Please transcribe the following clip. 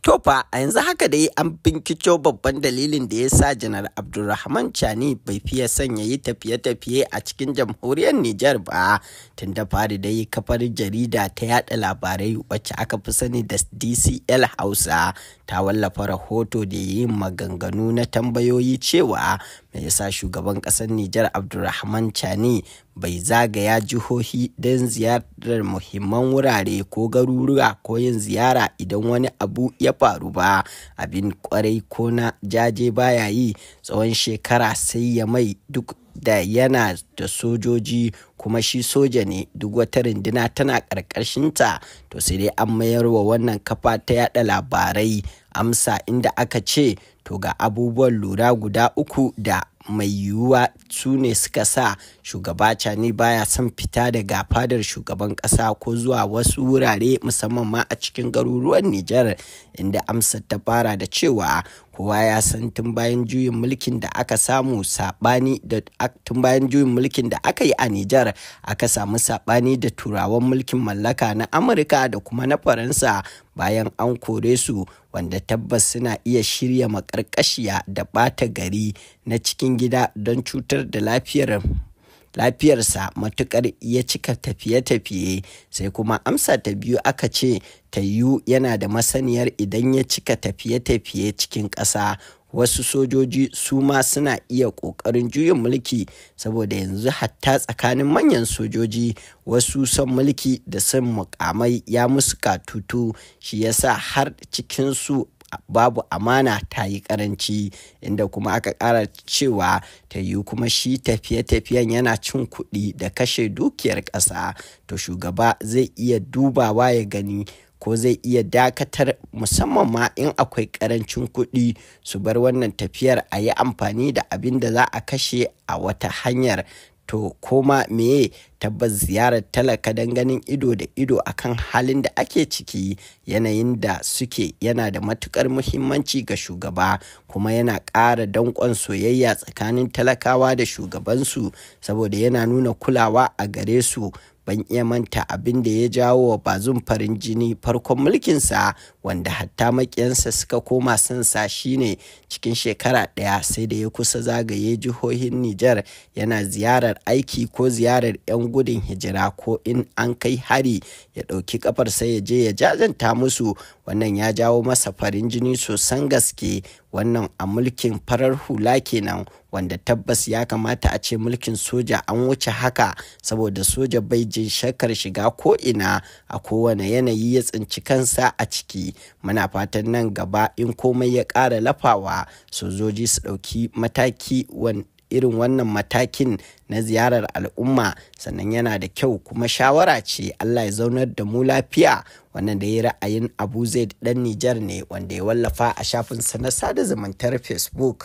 To fa a yanzu haka dai an binciko babban dalilin da ya sa janar Abdulrahman Chani bai fiye son ya yi tafiye-tafiye a cikin jamhuriyar Nijar ba tun da fari yi kafar jarida ta yada labarai wacce aka fi sani da DCL Hausa ta wallafa rahoto da yi maganganu na tambayoyi cewa me yasa shugaban ƙasar Nijar Abdulrahman Chani bai zagaya jihohi don ziyarar muhimman wurare ko garuruwa ko yin ziyara idan wani abu ya faru ba abin kwarai ko na jaje baya yi tsawon shekara sai ya mai duk da yana da sojoji kuma shi soja ne duk wata rinduna tana ƙarƙashinta to sai dai an mayar wa wannan kafa ta yada labarai amsa inda aka ce to ga abubuwan lura guda uku da mai yiwuwa su ne suka sa shugaba cani baya son fita daga fadar shugaban ƙasa ko zuwa wasu wurare musamman ma a cikin garuruwan Nijar inda amsar ta fara da cewa kowa ya san tun bayan juyin mulkin da aka samu sabani da tun bayan juyin mulkin da aka yi a Nijar aka samu sabani da turawan mulkin mallaka na Amurka da kuma na Faransa bayan an kore su wanda tabbas suna iya shirya maƙarƙashiya da ɓata gari na cikin gida don cutar da lafiyar lafiyarsa matukar ya cika tafiye-tafiye sai kuma amsa ta biyu aka ce ta yiwu yana da masaniyar idan ya cika tafiye-tafiye cikin ƙasa wasu sojoji su ma suna iya ƙoƙarin juyin mulki saboda yanzu hatta tsakanin manyan sojoji wasu son mulki da sun mukamai ya musu katutu shi yasa har cikinsu babu amana ta yi karanci inda kuma aka ƙara cewa ta yi kuma shi tafiye-tafiyen yana cin kuɗi da kashe dukiyar ƙasa to shugaba zai iya dubawa ya gani ko zai iya dakatar musamman ma in akwai karancin kuɗi su bar wannan tafiyar a yi amfani da abin da za a kashe a wata hanyar to koma meye tabbas ziyarar talaka don ganin ido da ido akan halin da ake ciki yanayin da suke yana da matukar muhimmanci ga shugaba kuma yana ƙara danƙon soyayya tsakanin talakawa da shugabansu saboda yana nuna kulawa a gare su ban iya manta abin da ya jawo wa bazun farin jini farkon mulkinsa wanda hatta makiyansa suka koma sun sa shine cikin shekara ɗaya sai da ya kusa zagaye jihohin Nijar yana ziyarar aiki ko ziyarar 'yan gudun hijira ko in an kai hari ya ɗauki sai ya je ya jajanta musu wannan ya jawo masa farin jini sosan gaske wannan a mulkin farar hula kenan wanda tabbas ya kamata a ce mulkin soja an wuce haka saboda soja bai jin shakar shiga ko'ina a kowane yanayi ya tsinci kansa a ciki mana muna fatan nan gaba in komai ya ƙara lafawa sojoji su ɗauki mataki irin wannan matakin na ziyarar al'umma sannan yana da kyau kuma shawara ce Allah ya zaunar da mu lafiya wannan da ya ra'ayin Abu Zaid dan Nijar ne wanda ya wallafa a shafinsa na sada zumuntar Facebook